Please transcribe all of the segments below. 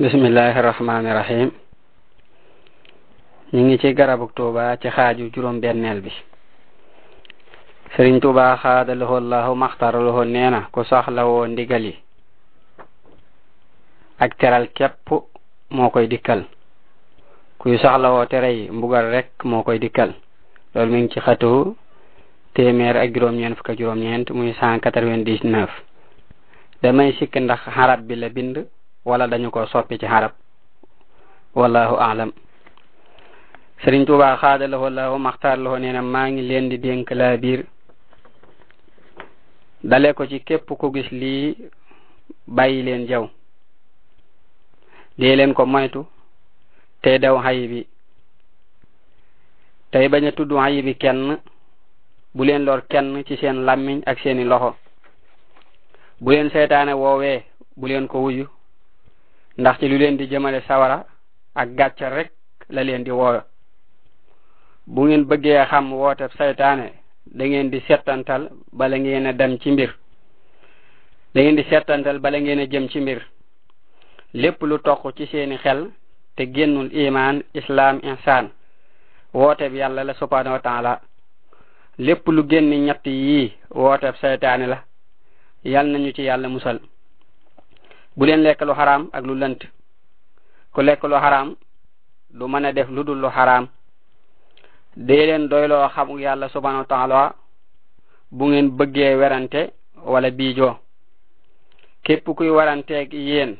bismillahi rahmaani rahim ñu ngi ci garabuk tuuba ci xaaju juróom benneel bi sëriñ tuuba xaada loxo allahu maxtaara loxo nee na ku soxla woo ndigal ak teral képp moo koy dikkal kuy soxla woo tere yi mbugal rek moo koy dikkal loolu mi ngi ci xatu téeméer ak juróom-ñeent fukk ak juróom-ñeent muy cent quatre-vingt-dix-neuf sikk ndax xarab bi la bind wala dañu ko soppi ci xarab wallahu aalam Sëriñ Tuubaa xaadalawoo laahu maxtaar nee na maa ngi leen di dénk laa biir dale ko ci képp ku gis lii bàyyi leen jaw dee leen ko moytu te daw xayi bi te bañ a tudd xayi kenn bu leen lor kenn ci seen làmmiñ ak seeni loxo bu leen seytaane woowee bu leen ko wuyu ndax ci lu leen di jëmale sawara ak gàcca rek la leen di woo bu ngeen bëggee xam wooteb saytaane da ngeen di settantal bala ngeen a dem ci mbir da ngeen di settantal bala ngeen a jëm ci mbir lépp lu toq ci seeni xel te génnul iman islam insaan wooteb yàlla la subhanahu wa taala lépp lu génn ñett yii wooteb saytaane la yal nañu ci yàlla musal bu leen lekk lu xaraam ak lu lënt ku lekk lu haram du mën a def lu dul lu haram dee leen doyloo xamu yàlla subhanahu wa taala bu ngeen bëggee werante wala biijoo képp kuy waranteeg yéen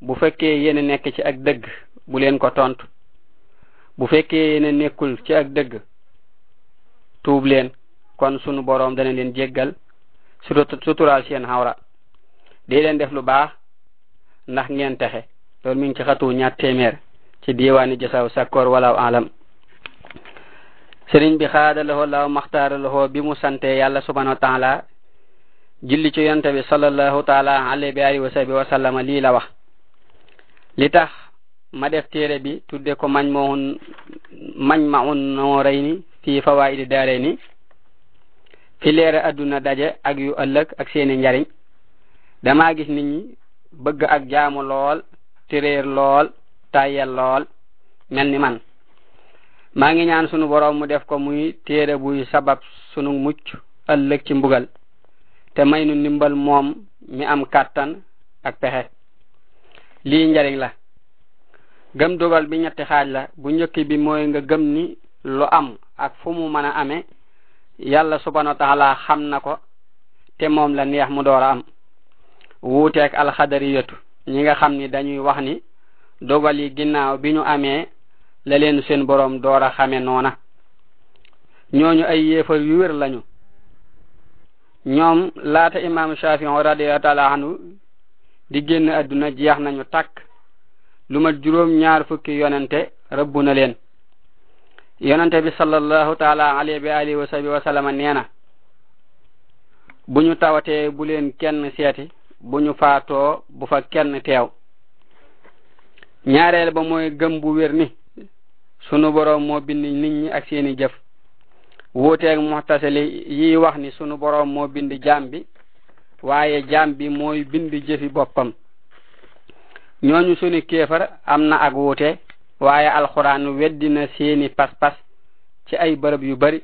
bu fekkee yéen a nekk ci ak dëgg bu leen ko tontu bu fekkee yéen a nekkul ci ak dëgg tuub leen kon sunu boroom dana leen jéggal suturaal seen xawra dee leen def lu baax ndax ngeen texe loolu mi ngi ci xatu ñaar téeméer ci diwaani jasaw sakkoor wala alam sëriñ bi xaada lahoo laaw maxtaara lahoo bi mu sante yàlla subhanahu wa taala julli ci yonte bi sallallahu taala alayhi bi alihi wa sahbi wa sallama lii la wax li tax ma def téere bi tudde ko mañ maun mañ maun nooray ni fii fawaidi daare ni fi leere adduna daje ak yu ëllëg ak seeni njariñ damaa gis nit ñi bëgg ak jaamu lool téréer lool tàyyel lool mel ni man maa ngi ñaan sunu boroom mu def ko muy téere buy sabab sunu mucc ëllëg ci mbugal te may nu ndimbal moom mi am kàttan ak pexe lii njariñ la gëm dogal bi ñetti xaaj la bu njëkk bi mooy nga gëm ni lu am ak fu mu mën a ame yàlla subhanahu xam na ko te moom la neex mu door a am wuuteeg alxadariyatu ñi nga xam ni dañuy wax ni dogal yi ginnaaw bi ñu amee la leen seen boroom door a xame noona ñooñu ay yéefar yu wér lañu ñoom laata imam Shafii radiyallahu taala anhu di génn àdduna jeex nañu takk lu mat juróom ñaar fukki yonente rëbbu na leen yonente bi sallallahu taala alayhi wa alihi wa sahbihi na bu ñu tawatee bu leen kenn seeti bu ñu faatoo bu fa kenn teew ñaareel ba mooy gëm bu wér ni sunu boroom moo bind nit ñi ak seeni jëf wuuteeg muxtasili yiy wax ni sunu boroom moo bind jaam bi waaye jaam bi mooy bind jëfi boppam ñooñu sunu kéefar am na ak wuute waaye alxuraan weddi na seeni pas-pas ci ay bërëb yu bari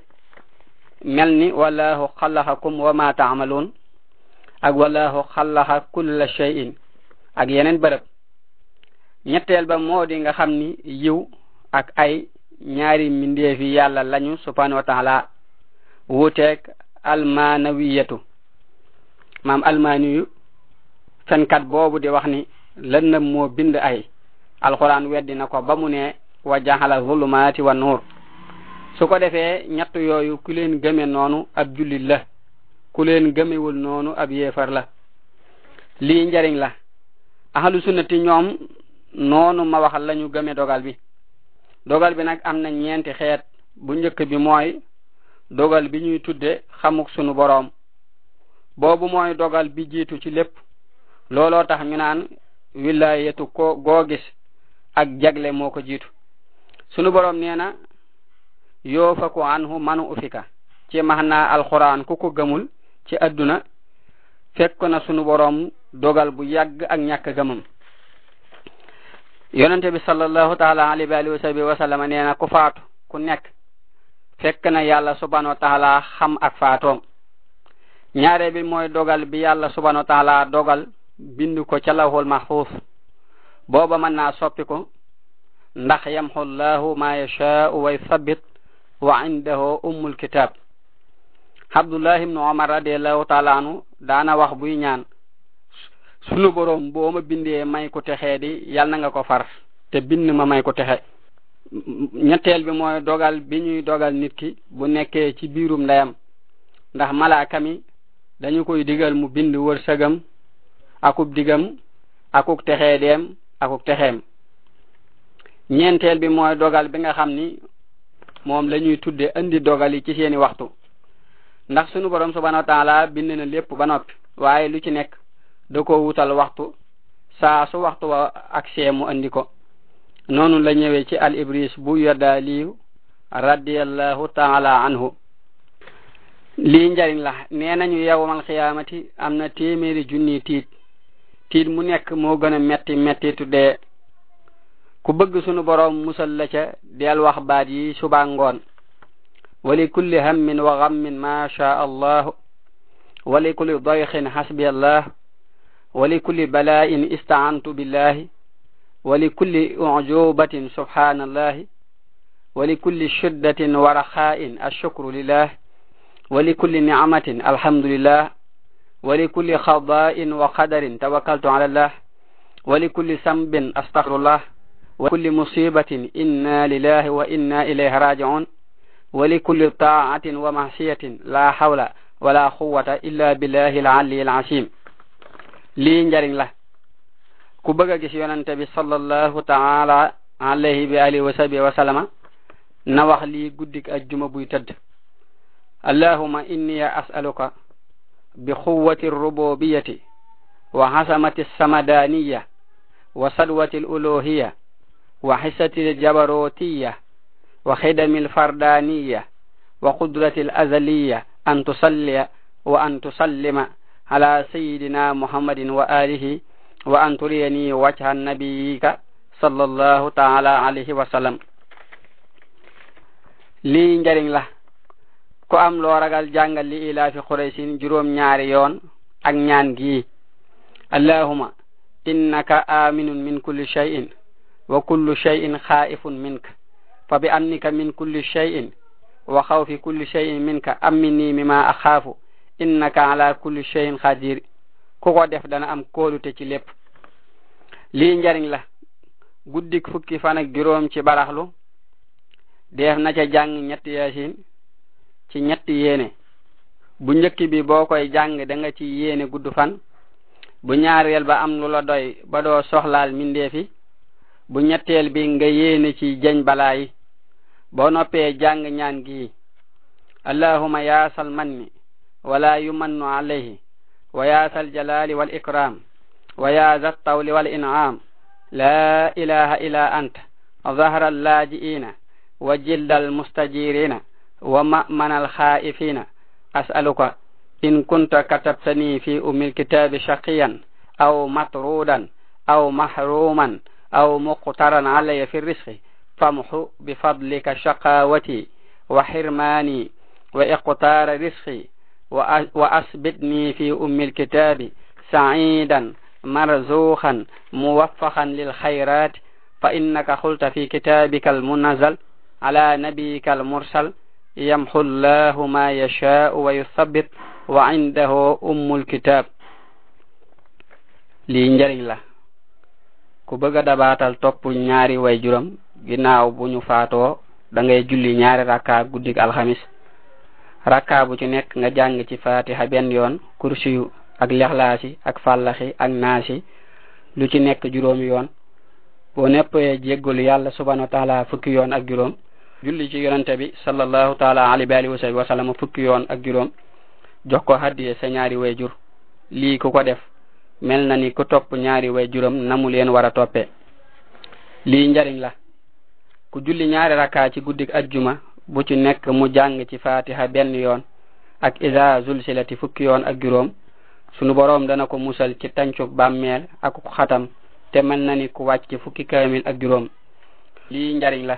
mel ni wallahu xalaxakum wa ma taamaluun ak wallahu xalaxa kulla shay'in ak yeneen bërëb ñetteel ba moo di nga xam ni yiw ak ay ñaari mbindeefi yàlla lañu subhanahu wa taala wuuteeg almanawiyatu maam almaniyu fenkat boobu di wax ni lëndëm moo bind ay alquran weddi ko ba mu ne wa jaxala zulumaati wa nuur su ko defee ñett yooyu ku leen gëme noonu ab jullit la ku leen gëmewul noonu ab yeefar la lii njariñ la ahlu sunnati ñoom noonu ma waxal la gëme dogal bi dogal bi nag am na ñeenti xeet bu njëkk bi mooy dogal bi ñuy tudde xamuk sunu boroom boobu mooy dogal bi jiitu ci lépp looloo tax ñu naan wilayetu ko goo gis ak jagle moo ko jiitu sunu boroom nee na yoo fa ko anhu manu ufika ci max naa alxuraan ku ko gëmul ci àdduna fekk na sunu boroom dogal bu yàgg ak ñàkk gëmam yonente bi sallallahu taala alayhi wa alihi wa sahbihi wa ku faatu ku nekk fekk na yàlla subhanahu wa taala ak faatoom ñaare bi mooy dogal bi yàlla subhanahu wa dogal bind ko ca lawhul booba mën na soppi ko ndax yamxu llahu ma yashaau wa yuthabbit wa indahu ummul kitab abdullah ibnu omar radiallahu taala anu daana wax buy ñaan sunu borom boo ma bindee may ko texee di yàlla nga ko far te bind ma may ko texe ñetteel bi mooy dogal bi ñuy dogal nit ki bu nekkee ci biirum ndayam ndax malaaka mi dañu koy digal mu bind wërsëgam akub digam akuk texee deem akuk texeem ñeenteel bi mooy dogal bi nga xam ni moom la ñuy tudde indi dogal yi ci seeni waxtu ndax sunu borom subhanahu wa taala bind na lépp ba noppi waaye lu ci nekk da ko wutal waxtu su waxtu wa ak mu andiko ko la ci al ibris bu yoddaaliyu radiallahu taala anhu lii njariñ la nee nañu yowmal xiyaamati am na téeméeri junni tiit tiit mu nekk moo gën a metti mettitu ku bëgg sunu borom musal la ca del wax baat yi suba ولكل هم وغم ما شاء الله ولكل ضيق حسبي الله ولكل بلاء استعنت بالله ولكل أعجوبة سبحان الله ولكل شدة ورخاء الشكر لله ولكل نعمة الحمد لله ولكل خضاء وقدر توكلت على الله ولكل سنب أستغفر الله ولكل مصيبة إنا لله وإنا إليه راجعون ولكل طاعة ومعصية لا حول ولا قوة إلا بالله العلي العظيم لي نجارين لا كبغا جيس يونانتبي صلى الله تعالى عليه وآله وسلم وسلم نوح لي قدك أجم بيتد اللهم إني أسألك بقوة الربوبية وحسمة السمدانية وصلوة الألوهية وحسة الجبروتية وخدم الفردانية وقدرة الأزلية أن تصلي وأن تسلم على سيدنا محمد وآله وأن تريني وجه نبيك صلى الله تعالى عليه وسلم lii njariñ la ku am loo ragal jàngal li ilaa fi quraysin juróom ñaari yoon ak ñaan gii allahuma innaka aminun min kulli shay'in wa kullu shay'in xaa'ifun minka fa bi annika min kulli shay'in wa khawfi kulli shay'in minka amini mimma akhafu innaka ala kulli shay'in qadir ku ko def dana am kóolute ci lépp lii njariñ la guddik fukki fan ak juróom ci baraxlu def na ca jàng ci bu njëkk bi boo koy jàng da nga ci yéene gudd fan bu ñaareel ba am lu la doy ba doo soxlaal mindeefi bu ñetteel bi nga yéene ci jeñ balaa yi bo noppee jàng ñaan gi allahuma yaasal manni wala yumannu alayhi wa yaasal jalali wal ikram wa yaaza tawli wal in'am la ilaha illa anta ظهر اللاجئين وجلد المستجيرين ومأمن الخائفين أسألك إن كنت كتبتني في أم الكتاب شقيا أو مطرودا أو محروما أو مقترا علي في الرزق الطمح بفضلك شقاوتي وحرماني وإقتار رزقي وأثبتني في أم الكتاب سعيدا مرزوخا موفقا للخيرات فإنك قلت في كتابك المنزل على نبيك المرسل يمحو الله ما يشاء ويثبت وعنده أم الكتاب لينجر الله كبغة دباتل bëgg نياري ويجرم ginnaaw bu ñu faatoo dangay julli ñaari rakka guddik alxamis rakka bu ci nekk nga jàng ci fatiha benn yoon kursiyu ak lexlaasi ak fàllaxi ak naasi lu ci nekk juróom yoon boo neppee jéggalu yàlla subhanahu wa fukki yoon ak juróom julli ci bi sallallahu taala alayhi yoon ak juróom jox ko hadiye sa ñaari way jur lii ku ko def mel na ni ku topp ñaari way juróom namu leen war a toppee lii njariñ la ku julli ñaari rakka ci guddik aljuma bu ci nekk mu jàng ci fatiha benn yoon ak iza zulsilati fukki yoon ak juróom sunu boroom dana ko musal ci tancuk bàmmeel ak xatam te mën na ni ku wàcc fukki kamil ak juróom lii njariñ la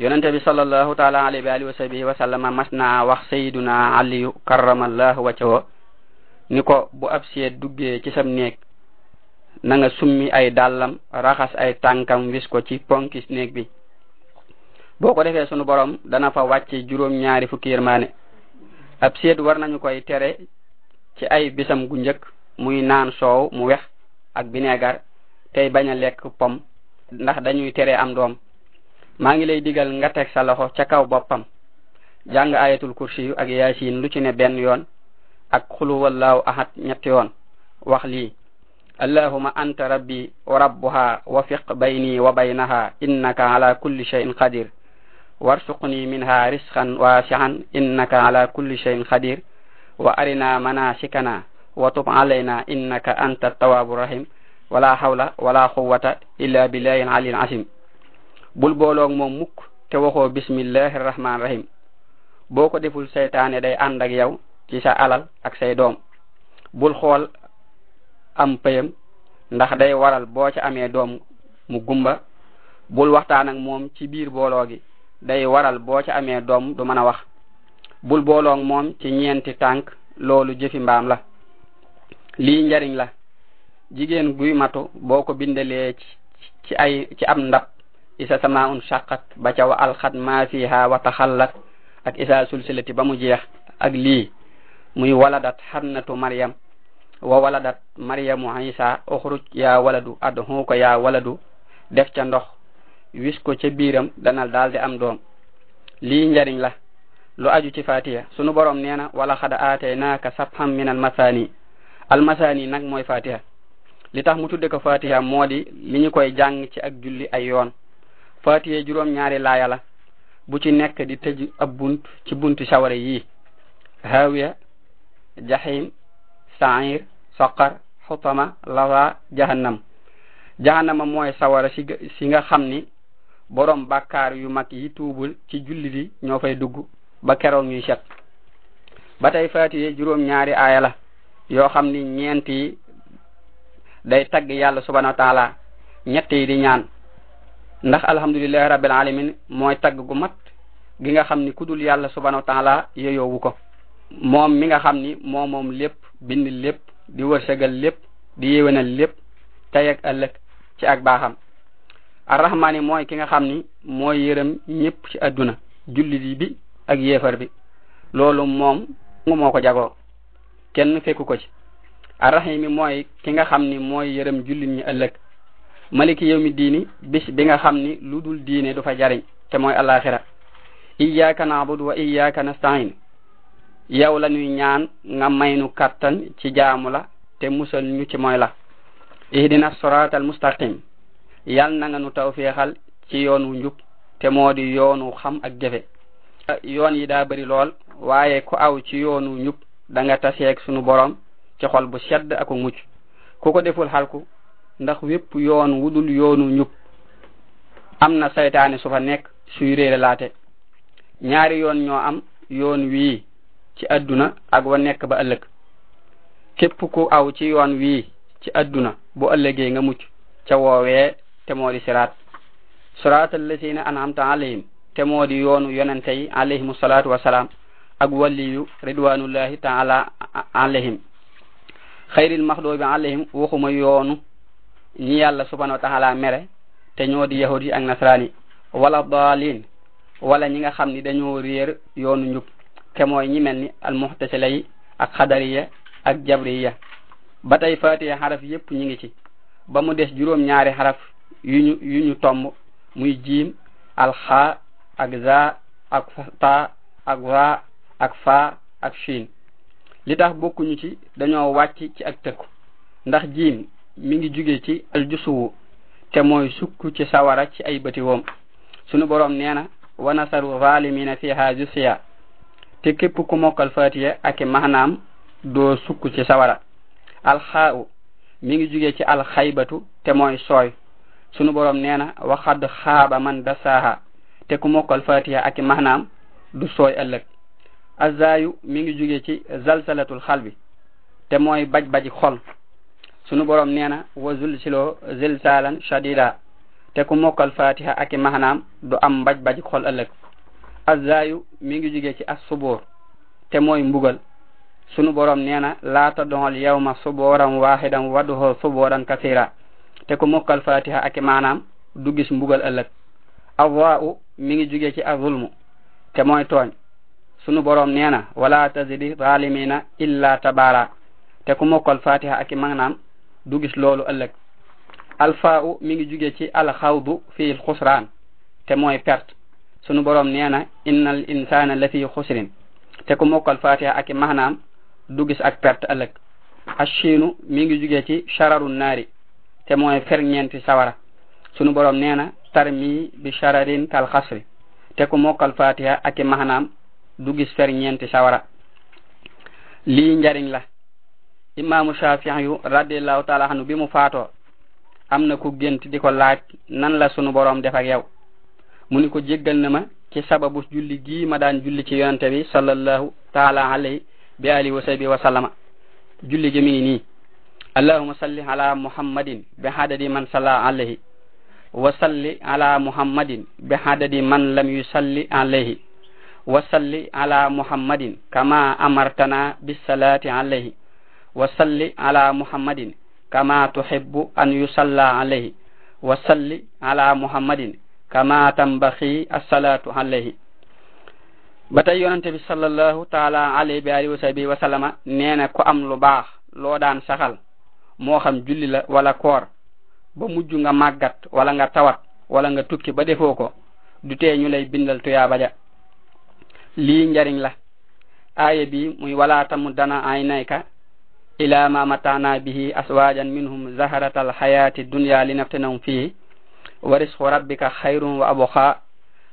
yonente bi sallallahu taala alayhi wa alihi wa sahbihi wa sallama masna wax sayyiduna ali karramallahu wajhahu ni ko bu ab seet duggee ci sam nek na nga summi ay dàllam raxas ay tànkam wis ko ci ponkis néeg bi boko defé sunu borom dana fa wacce juroom ñaari fukki yermane ab seed war nañu koy téré ci ay bisam gu ñëk muy naan soow mu wex ak binegar tay baña lek pom ndax dañuy téré am doom ma ngi lay digal nga tek sa loxo ca kaw boppam jang ayatul kursi ak yasin lu ci ne ben yoon ak qul huwallahu ahad ñett yoon wax li allahumma anta rabbi wa rabbuha wa fiq bayni wa baynaha innaka ala kulli shay'in qadir وارزقني منها رزقا واسعا إنك على كل شيء قدير وأرنا مناسكنا وتب علينا إنك أنت التواب الرحيم ولا حول ولا قوة إلا بالله العلي العظيم bul booloog moom mukk te waxoo bismillahi rahman rahim boo ko deful seytaane day ànd ak yow ci sa alal ak say doom bul xool am payam ndax day waral boo ca amee doom mu gumba bul waxtaan ak moom ci biir booloo gi day waral boo ci amee doom du mën a wax bul booloong moom ci ñeenti tank loolu jëfi mbaam la lii njariñ la jigéen guy matu boo ko bindalee ci ay ci am ndab isa sama shaqat ba ca wa alxat ma fiha wa taxallat ak isa sulsilati ba mu jeex ak lii muy waladat xannatu maryam wa waladat maryamu isa uxruj ya waladu adxuuka yaa waladu def ca ndox wis ko ca biiram danal daal di am doom lii njariñ la lu aju ci fatiha sunu borom nee na wala xada aataynaaka sabxam min almasaani almasaani nag mooy fatiha li tax mu tudde ko fatiha moo di li ñu koy jàng ci ak julli ay yoon fatiha juróom-ñaari laaya la bu ci nekk di tëj ab bunt ci bunt sawara yii hawiya jaxim sair soqar xutama lawa jahannam jahannama mooy sawara si nga xam ni borom bakkar yu mag yi tuubul ci julli di ñoo fay dugg ba keroog ñuy set ba tey faatiye juróom ñaari aaya la yoo xam ni ñeent yi day tagg yàlla subhanahu wa taala ñett yi di ñaan ndax alhamdulillahi rabbil alamin mooy tagg gu mat gi nga xam ni ku dul yàlla subhanahu wa taala yeyowu ko moom mi nga xam ni moo moom lépp bind lépp di wërsëgal lépp di yéwénal lépp tey ak ëllëg ci ak baaxam arrahmaani mooy ki nga xam ni mooy yërëm ñëpp ci adduna jullit bi ak yéefar bi loolu moom moo ko jagoo kenn fekku ko ci arrahimi mooy ki nga xam ni mooy yërëm jullit ñi ëllëg maliki yow mi diini bis bi nga xam ni lu dul diine du fa jariñ te mooy alaxira iyyaka na'budu wa iyyaka nasta'in yow la ñuy ñaan nga may nu kattan ci jaamu la te musal ñu ci mooy la ihdina siratal mustaqim yal na nga taw feexal ci yoonu njub te moo di yoonu xam ak jëfe ah, yoon yi daa bari lool waaye ku aw ci yoonu njub danga nga taseeg sunu borom ci xol bu sedd ak mucc ku ko deful xalku ndax wépp yoon wudul yoonu njub am na saytaane su fa nekk suy laate ñaari yoon ñoo am yoon wii ci adduna ak wa nekk ba ëllëg képp ku aw ci yoon wii ci adduna bu ëllëgee nga mucc ca woowee te moo di siraat siraat allasina anamta alayhim te moo di yoonu yonente yi alayhimu salaatu wasalaam ak waliyu ridwanullahi taala alayhim xayril maxdoobi alayhim waxuma yoonu ñi yàlla subhanahu wa taala mere te ñoo di yahud yi ak nasraan yi wala daalin wala ñi nga xam ni dañoo réer yoonu njub te mooy ñi mel ni almuxtasila yi ak xadariya ak jabriya ba tey fatiha xaraf yépp ñi ngi ci ba mu des juróom ñaari xaraf yu ñu yu ñu tomb muy jiim alxaa ak za ak ta ak wa ak fa ak shin li tax ñu ci dañoo wàcc ci ak tëkku ndax jiim mi ngi jóge ci aljusuwu te mooy sukku ci sawara ci ay bëti woom sunu borom nee na wa nasaru zalimina fiha jusiya te képp ku mokkal fatiya ak maanaam doo sukku ci sawara alxaawu mi ngi jóge ci alxaybatu te mooy sooy sunu borom neena na waxad xaaba man dasaaha te ku mokkal fatiha ak i du sooy ëllëg azayu mi ngi jóge ci zalsalatul xalbi te mooy baj baji xol sunu borom neena na wa zulsiloo zilsalan shadida te ku mokkal fatiha ak i du am baj baji xol ëllëg azayu mi ngi jóge ci as te mooy mbugal sunu borom neena la ta doxal yawma suburan wahidan waaxidan waduhoo subooran kasira te ko mokkal fatiha ak manam du gis mbugal ëlëk awwaa'u mi ngi jóge ci azulmu te moy togn sunu borom neena wala tazidi zalimina illa tabara te ku mokkal fatiha ak manam du gis lolu ëlëk alfaa'u mi ngi jóge ci alxawdu fi khusran te moy perte sunu borom neena innal insana lafi fi te ku mokkal fatiha ak manam du gis ak perte ëlëk ashinu mi ngi jóge ci shararun nari te mooy ferñeenti sawara sunu borom nee na tarmi bi shararin kal xasri te ku mokkal fatiha ak i maxanaam du gis ferñeenti sawara lii njariñ la imaamu shafii yu radiallahu taala anu bi mu faatoo am na ku gént di ko laaj nan la sunu borom def ak yow mu ni ko jéggal na ma ci sababu julli gii ma daan julli ci yonente bi sallallahu taala alayhi bi alihi wa sahbi julli gi mi ngi اللهم صل على محمد بعدد من صلى عليه وصل على محمد بعدد من لم يصل عليه وصل على محمد كما أمرتنا بالصلاة عليه وصل على محمد كما تحب أن يصلى عليه وصل على محمد كما تنبغي الصلاة عليه ba tey yonante bi sallallahu taala alayhi wa alihi wa sahbihi wa sallama nee na ku am lu baax loo daan saxal moo xam julli la wala koor ba mujj nga màggat wala nga tawat wala nga tukki ba defoo ko du tee ñu lay bindal tuyaaba ja lii njariñ la aaya bi muy wala tamu dana aynayka ila ma matana bihi aswajan minhum zaharata alhayati dunya linaftinahum fi wa risqu rabbika khayrun wa abqa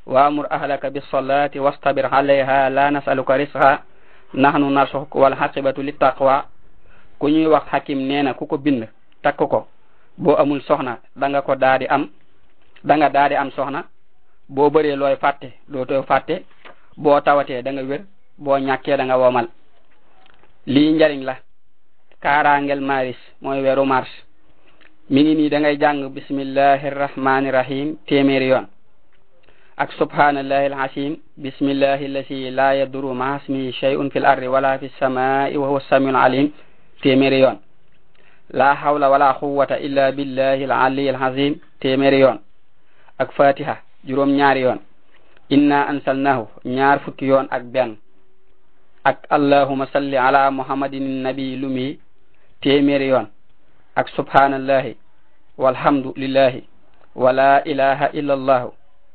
وامر أهلك بالصلاة واصطبر عليها لا نسألك رزقا نحن نرزقك والعاقبة للتقوى ku ñuy wax hakim neena na ku ko bind takk ko boo amul soxna da nga ko daadi am da nga daadi am soxna boo bëree looy fàtte doo too fàtte boo tawatee da nga wér boo ñàkkee da nga womal lii njariñ la kaaraangel maris mooy weru mars mi ngi nii da ngay jàng bismillahi rahmani rahim téeméeri yoon ak subhanallahi alazim bismillahi allati la yaduru ma asmihi shay'un fil ardi wala fis samai wa huwa samiul alim téeméeri yoon laa hawla wala quwwata illa billahi al aliyyil azim téeméeri yoon ak fatiha juróom ñaari yoon inna ansalnahu ñaar fukki yoon ak benn ak allahuma salli ala muhammadin nabi lumi téeméeri yoon ak subhanallahi walhamdulillahi wala ilaha illa allah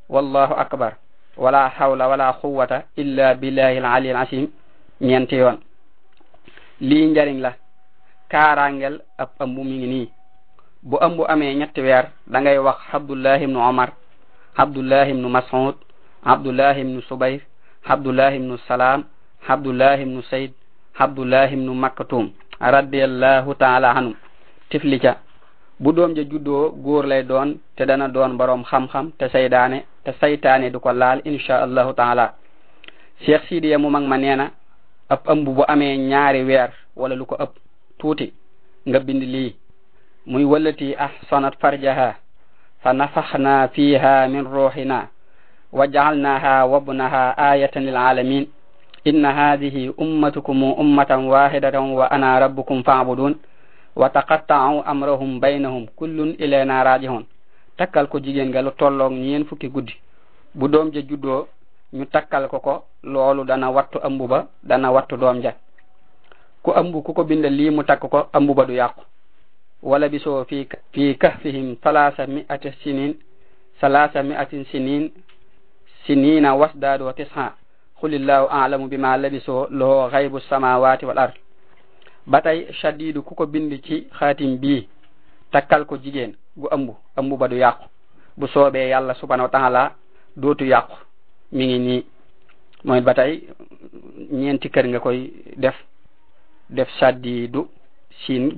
wallahu akbar wala hawla wala quwwata illa billahi al aliyyil azim ñeenti yoon lii njariñ la kaaraangel ab ëmb mi ngi nii bu ëmb amee ñetti weer da ngay wax abdullahi ibnu omar abdullahi ibnu mas'ud abdullahi ibnu subayr abdullahi ibnu salaam abdullahi ibnu sayd abdullahi ibnu makkatum radiallahu taala anhu tifli bu doom ja juddoo góor lay doon te dana doon boroom xam-xam te saydaane te saytaane du ko laal insha allahu taala cheikh sidiya mu mag ma nee na ab ëmb bu amee ñaari weer wala lu ko ëpp tuuti nga bind lii muy wallati ahsanat farjaha fa nafaxna fiha min ruxina wa jacalnaha wabnaha ayatan lilalamin inna hadihi ummatukum ummatan wahidatan wa ana rabbukum fabudun wa taqattacu amrahum baynahum kullun ilayna rajihun takkal ko jigéen nga lu tolloog ñeen fukki guddi bu doom ja juddoo ñu takkal ko ko loolu dana wattu ëmbu ba dana wattu doom ja ku ambu ku ko bindal lii mu takk ko ambu ba du yàqu wala bisoo fii fii kahfihim salaasa mi'ati sinin salaasa ati sinin sinina wasdaadu wa tisha qulillahu a'lamu bima labisoo loo xaybu samawaati wal ard ba tey shadidu ku ko bind ci xaatim bii takkal ko jigéen gu ëmb ambu ba du yàqu bu soobee yàlla subhanahu wa taala dootu yàqu mi ngi nii mooy ba tey ñeenti kër nga koy def def sadidu sin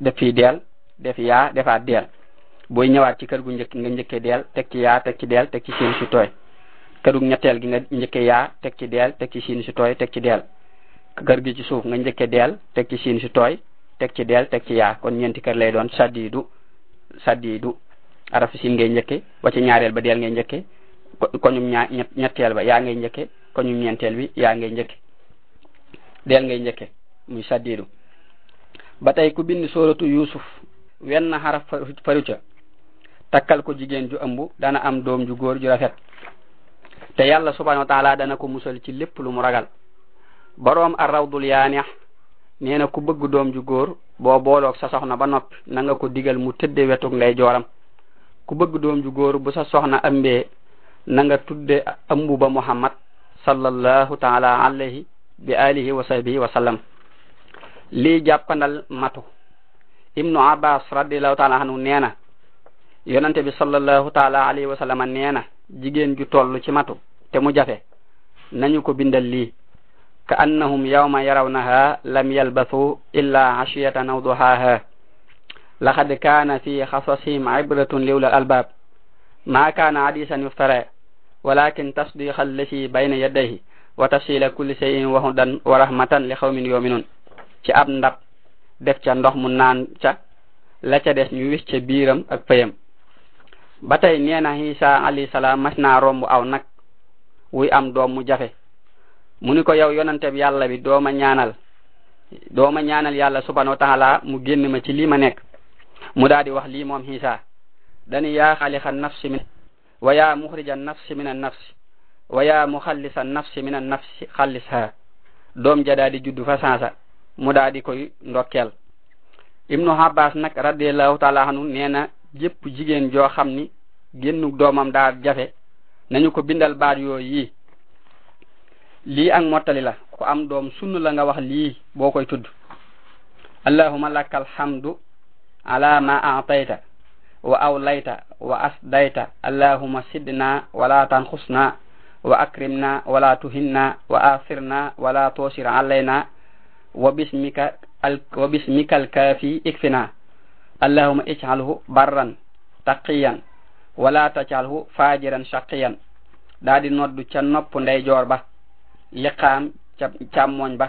def fi del def ya def del boy ñëwaat ci kër gu ñëk nga njëkkee del tek ci ya tek ci del tek ci sin su toy kër gu ñetteel gi nga njëkkee ya tek ci del tek ci sin su toy tek ci del kër gi ci suuf nga njëkkee del tek ci sin su toy tek ci del tek ci ya kon ñenti kër lay doon shadidu shadidu arafu sin ngay ba ci ñaareel ba del ngay njëkke koñum ñaa ñetteel ba ya ngay ko ñum ñeenteel bi ya ngay del ngay njëkke muy saddiidu ba tey ku bind sóoratu yuusuf wenn xara farucca takkal ko jigéen ju ëmb dana am doom ju góor ju rafet te yàlla subhanahu wa taala dana ko musal ci lépp lu mu ragal boroom ar rawdul yaanex nee na ku bëgg doom ju góor boo booloog sa soxna ba noppi na nga ko digal mu tëdde wetug ngay jooram ku bëgg doom ju góor bu sa soxna ëmbee na nga tudde ëmbu ba muhammad sallallahu taala alayhi bi alihi wa sahbihi wa sallam li jàppandal matu ibnu abbas radiallahu taala anhu nee na yonante bi sallallahu taala alayhi wa sallam nee na jigéen ju toll ci matu te mu jafe nañu ko bindal lii ka annahum yawma yarawnaha lam yalbathu illa ashiyatan aw duhaha laqad kana fi khasasihim ibratun liwla albab ما كان حديثا يفترى ولكن تصديق الذي بين يديه وتفصيل كل شيء وهدى ورحمة لقوم يؤمنون ci ab ndab def ca ndox mu naan ca la ca des ñu wis ca biiram ak fayam ba tey nee na isa alayhi salaam mas naa romb aw nag wuy am doom mu jafe mu ni ko yow yonante bi yàlla bi dooma ñaanal dooma ñaanal yàlla subhanahu wa taala mu génn ma ci lii ma nekk mu daal di wax lii moom isa dani yaa xaalixa nafsi min wa yaa muxrija nafsi min nafsi wa yaa muxallisa nafsi min nafsi xallisha doom ja daal di judd fa sansa mu daal di koy ndokkeel ibnu habas nag radiallahu taala anu nee na jëpp jigéen joo xam ni génnu doomam daa jafe nañu ko bindal baat yooyu yii lii ak mottali la ku am doom sunn la nga wax lii boo koy tudd allahuma lak alhamdu ala ma aatayta wa awlayta wa asdayta allahuma sidna wala tanxusna wa akrimna wala tuhinna wa aasirna wala toosir alayna وباسمك وباسمك الكافي اكفنا اللهم اجعله برا تقيا ولا تجعله فاجرا شقيا دادي نود تشا نوب نداي جور با يقام تشامون با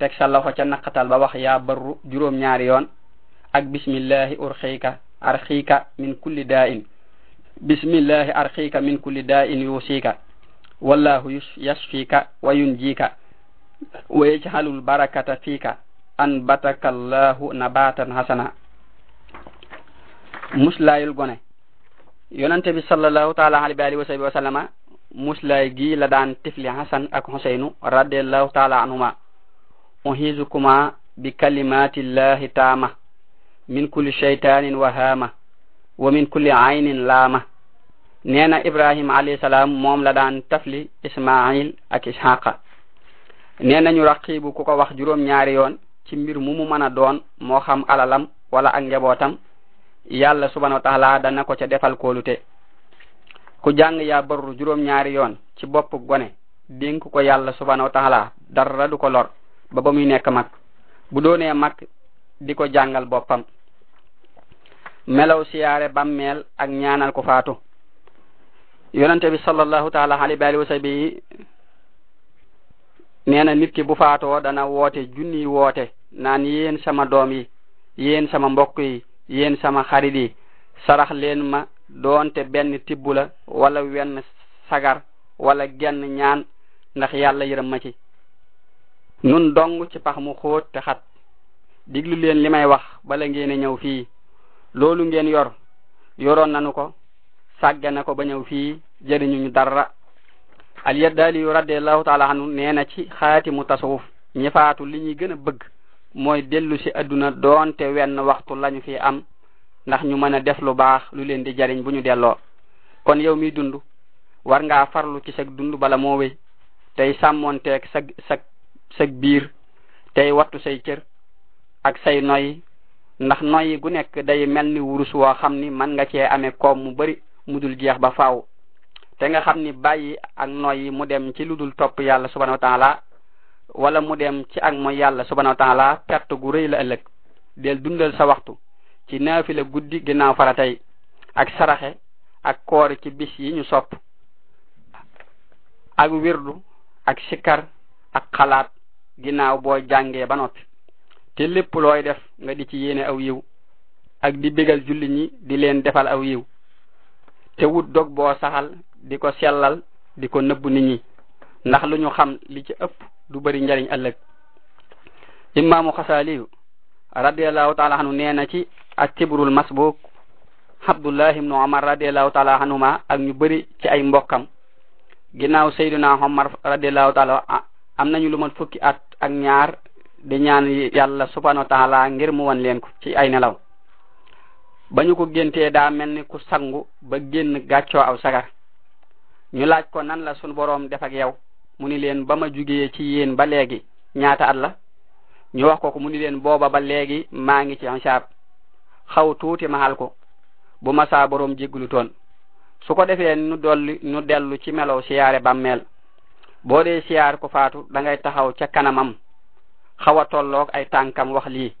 تك سا لوخو تشا نقتال با واخ يا بر جوروم ñaar yon ak بسم الله ارخيك ارخيك من كل داء بسم الله ارخيك من كل داء يوصيك والله يشفيك وينجيك wa yaj'alul barakata fika an allah nabatan hasana muslayul gone yonante bi sallallahu taala alayhi wa sahbihi wa sallama muslay gi la dan tifli hasan ak husaynu radiallahu taala anhuma uhizukuma bi allah taama min kulli shaytanin wahama wa min kulli aynin laama Nena ibrahim alayhi salam mom la dan tafli ismail ak ishaqa nee nañu raqibu ku ko wax juróom ñaari yoon ci mbir mu mu mën a doon moo xam alalam wala ak njabootam yàlla subhanahu wa taala dana ko ca defal kóolute ku jàng yaa barru juróom ñaari yoon ci bopp gone dénk ko yàlla subhanahu wa taala dara du ko lor ba ba muy nekk mag bu doonee mag di ko jàngal boppam melaw siyaare bàmmeel ak ñaanal ku faatu yonente bi sallallahu taala alayhi wa sallam nee na nit ki bu faatoo dana woote junniy woote naan yéen sama doom yi yéen sama mbokk yi yéen sama xarit yi sarax leen ma doonte benn tibb la walla wenn sagar walla genn ñaan ndax yàlla yërëm ma ci nun dong ci pax mu xóot te xat diglu leen li may wax bala ngeen a ñëw fii loolu ngeen yor yoroon nanu ko sàgge na ko ba ñëw fii ñu dara al-Yaddaali yu radiyallahu taala anhu nee na ci xaatimu mu ñi faatu li ñuy gën a bëgg mooy dellu si adduna doonte wenn waxtu lañu fi am ndax ñu mën a def lu baax lu leen di jariñ bu ñu delloo kon yow mii dund war ngaa farlu ci sag dund bala moo wéy tey sàmmoonteeg sag sag sag biir tey wattu say cër ak say noyyi ndax noyyi gu nekk day mel ni wurus woo xam ni mën nga cee amee koom mu bari mu dul jeex ba faw te nga xam ni bàyyi ak noyyi mu dem ci lu dul topp yàlla subana wa taala wala mu dem ci ak mooy yàlla subhanahu wa perte gu rëy la ëllëg del dundal sa waxtu ci naafila guddi ginnaaw faratay ak saraxe ak koor ci bis yi ñu sopp ak wirdu ak sikkar ak xalaat ginnaaw boo jàngee ba noppi te lépp looy def nga di ci yéene aw yiw ak di bégal julli ñi di leen defal aw yiw te wut dog boo saxal di ko sellal di ko nëbb nit ñi ndax lu ñu xam li ci ëpp du bari njariñ ëllëg imaamu xasaaliyu radiallahu taala anhu nee na ci ak tibrul masbuk abdullah ibnu omar radiallahu taala anhuma ak ñu bari ci ay mbokkam ginnaaw sayduna omar radiallahu taala am nañu lu mat fukki at ak ñaar di ñaan yàlla subhanahu wa taala ngir mu wan leen ko ci ay nelaw ba ñu ko géntee daa mel ni ku sangu ba génn gàccoo aw sagar ñu laaj ko nan la sun boroom def ak yow mu ni leen ba ma jugee ci yéen ba léegi ñaata at la ñu wax ko ko mu ni leen booba ba léegi maa ngi ci ansaab xaw tuuti mahal ko bu ma saa borom su ko defee nu dolli nu dellu ci melow siyaare bàmmeel boo dee siyaar ko faatu da ngay taxaw ca kanamam xaw a tolloog ay tànkam wax lii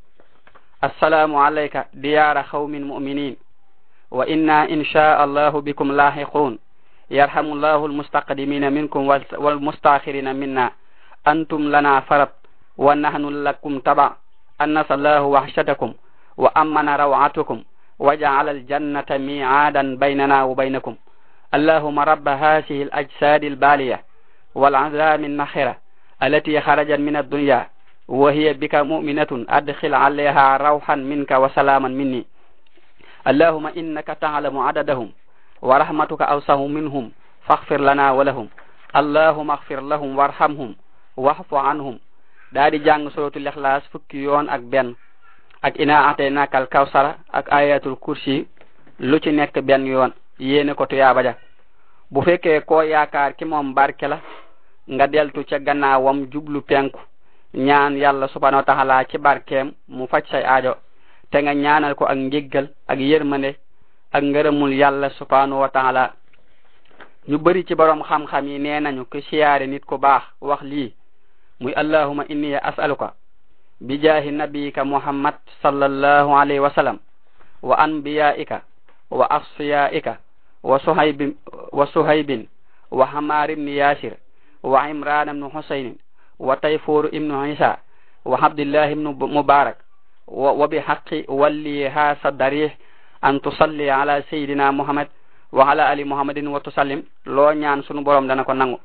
assalaamu alayka diyaara muminin wa inna insha allahu bikum laaxiquun يرحم الله المستقدمين منكم والمستاخرين منا أنتم لنا فرط ونحن لكم تبع أن الله وحشتكم وأمن روعتكم وجعل الجنة ميعادا بيننا وبينكم اللهم رب هذه الأجساد البالية والعذاب النخرة التي خرجت من الدنيا وهي بك مؤمنة أدخل عليها روحا منك وسلاما مني اللهم إنك تعلم عددهم ورحمتك أوسع منهم فاغفر لنا ولهم اللهم اغفر لهم وارحمهم واعف عنهم دادي جان سورة الإخلاص فكي يون أك بن أك إنا أعطيناك الكوثر أك آيات الكرسي lu ci nekk benn yoon yéene ko bu fekkee koo yaakaar ki moom barke la nga deltu ca gannaawam jublu penku ñaan yàlla subhanahu wa taala ci barkeem mu faj say aajo te nga ñaanal ko ak njéggal ak yërmande ak ngeureumul yàlla subhanahu wa taala ñu bari ci borom xam-xam yi neenañu ko ku siyaare nit ko baax wax li muy allahumma inni as'aluka bi jahi nabiyyika muhammad sallallahu alayhi wa sallam wa anbiyaika wa asfiyaika wa suhaybin wa suhaybin wa hamar ibn yasir wa imran ibn husayn wa tayfur ibn isa wa abdullah ibn mubarak wa bi haqqi walliha sadarih أن تصلي على سيدنا محمد وعلى آل محمد وتسلم لو نيان سونو بوروم دا نكو نانغو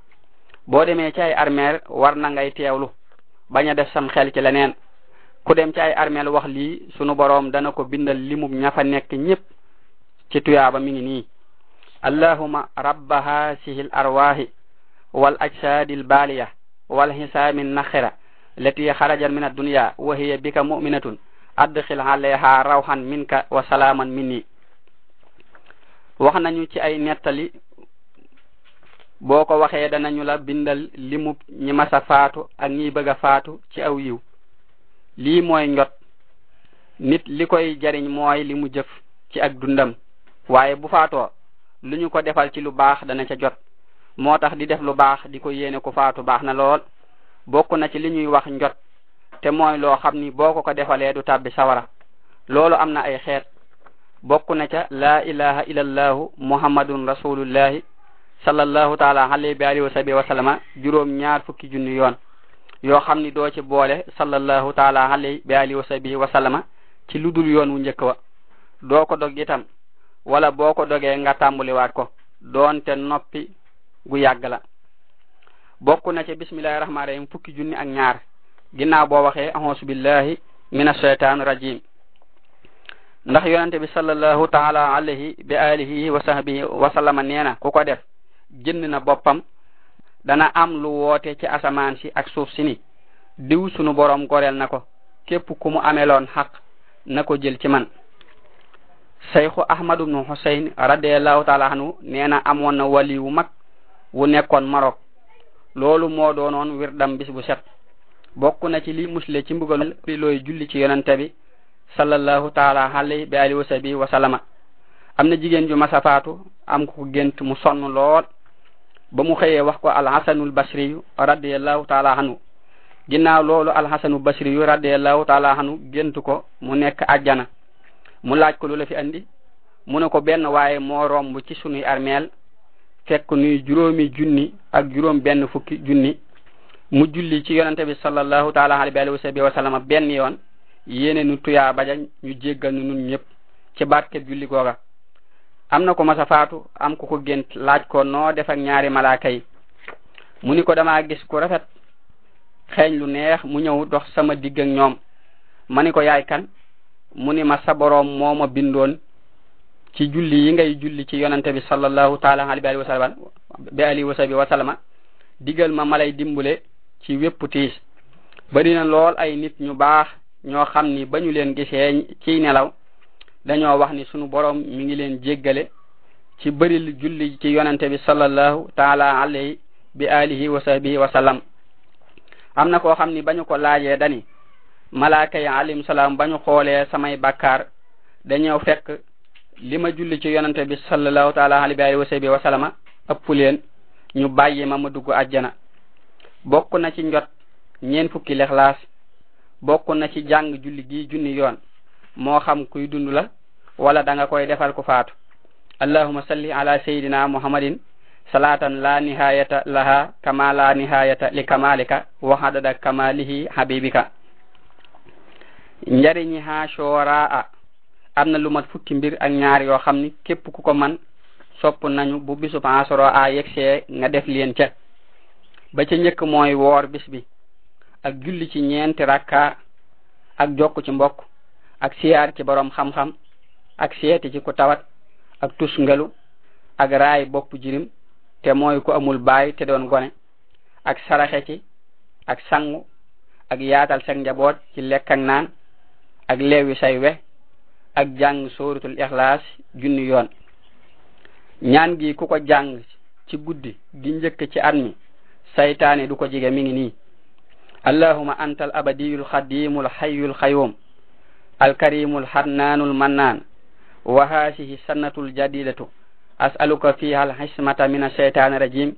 بو ديمي تي اي ارمير وار نانغاي تيولو باغا ديف سام خيل تي لنين كو ديم تي اي ارمير واخ لي سونو بوروم دا نكو بيندال ليمو نيافا نيك نييب تي تويابا ميغي ني اللهم رب هذه الارواح والاجساد الباليه والحسام النخره التي خرجت من الدنيا وهي بك مؤمنه adxil alayha rawhan minka wa salaaman minni wax nañu ci ay nettali boo ko waxee danañu la bindal limub ñi masa faatu ak ñiy bëgg a faatu ci aw yiw lii mooy njot nit li koy jariñ mooy li mu jëf ci ak dundam waaye bu faatoo lu ñu ko defal ci lu baax dana ca jot moo tax di def lu baax di ko yéene ku faatu baax na lool bokk na ci li ñuy wax njot te mooy loo xam ni boo ko ko defalee du tàbbi sawara loolu am na ay xeet bokk na ca laa ilaha illallah muhammadun rasulullah sallallahu taala alayhi bi alihi wa sahbihi wa sallama juróom ñaar fukki junni yoon yoo xam ni doo ci boole sallallahu taala alayhi bi alihi wa sahbihi wa sallama ci ludul yon yoon wu njëkk wa doo ko dog itam wala boo ko dogee nga tàmbuliwaat ko doonte noppi gu yàgg la bokk na ca bismillahi rahmaani rahim fukki junni ak ñaar ginnaaw boo waxee ahonsu billahi min asheytan rajim ndax yonente bi sallallahu taala alayhi bi alihi wa sahbihi wa sallama nee na ku ko def jënd na boppam dana am lu woote ci asamaan si ak suuf si ni diw sunu borom goreel na ko képp ku mu ameloon xaq na ko jël ci man seyxu ahmadu bnu husayn radiallahu taala anhu nee na amoon na wali wu mag wu nekkoon marok loolu moo doonoon wirdam bis bu set bokk na ci li musle ci mbugal li looy julli ci yonante bi sallallahu taala alayhi bi ali wasabi wa salama am na jigéen ju masafaatu am ko gént mu sonn lool ba mu xëyee wax ko alxasanul basriyu radiallahu taala anhu ginnaaw loolu alxasanu basriyu radiallahu taala anhu gént ko mu nekk ajjana mu laaj ko lu fi andi mu ne ko benn waye mo romb ci sunuy armel fekk nuy juromi junni ak jurom ben fukki junni mu julli ci yonente bi sallallahu taala alayhi wa sallam benn yoon yéene nu tuyaa baja ñu jéggal nu nun ñëpp ci barkeb julli googa am na ko masa faatu am ku ko gént laaj ko noo def ak ñaari malaaka yi mu ni ko damaa gis ku rafet xeeñ lu neex mu ñëw dox sama digg ñoom ma ni ko yaay kan mu ni ma sa boroom moo ma bindoon ci julli yi ngay julli ci yonente bi sallallahu taala alayhi wa bi alihi wa sahbi wa sallama digal ma malay dimbule ci wépp tiis bari na lool ay nit ñu baax ñoo xam ni ba ñu leen gisee ci nelaw dañoo wax ni sunu borom mi ngi leen jéggale ci bëril julli ci yonente bi sallallahu taala alayhi bi alihi wa sahbihi wa sallam am na xamni bañu ni ko laajee dani malaaka ya alim salam bañu ñu xoolee samay bakkar dañoo fekk li ma julli ci yonente bi sallallahu taala alayhi wa sahbihi wa sallama ëpp leen ñu bàyyi ma ma dugg aljana bokk na ci njot ñeen fukki lexlaas bokk na ci jang julli gi junni yoon moo xam kuy dund la wala da nga koy defal ku faatu allahuma salli ala sayidina muhammadin salatan la nihayata laha kama la nihayata li kamalika wa hadada kamalihi habibika njariñi ha shoraa am na lu mat fukki mbir ak ñaar yoo xam ni ku ko man sopp nañu bu asoro a yegsee nga def ba ca njëkk mooy woor bis bi ak julli ci ñeenti rakka ak jokk ci mbokk ak siyaar ci borom xam-xam ak seeti ci ku tawat ak ngelu ak raay bopp jirim te mooy ku amul baay te doon gone ak saraxe ci ak sangu ak yaatal sa njaboot ci lekk ak naan ak leewi say we ak jàng sóoratul ixlaas junni yoon ñaan gi ku ko jàng ci guddi gi njëkk ci at mi saytane du ko jige mi ngi nii allahuma anta al abadiyu alxadimu alxayu alxayum alkarimu alxannaanu almannaan wa haasihi sanatul jadilatu as'aluka fiha hismata min ash alsheytaan rajim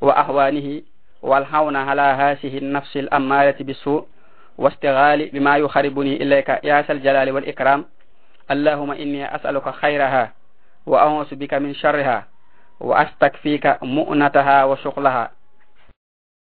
wa ahwanihi wal والحون على هذه nafsil الأمارة bisu واستغالي بما يخربني إليك يا ذا الجلال والإكرام اللهم إني أسألك خيرها وأعوذ بك من شرها وأستكفيك مؤنتها وشغلها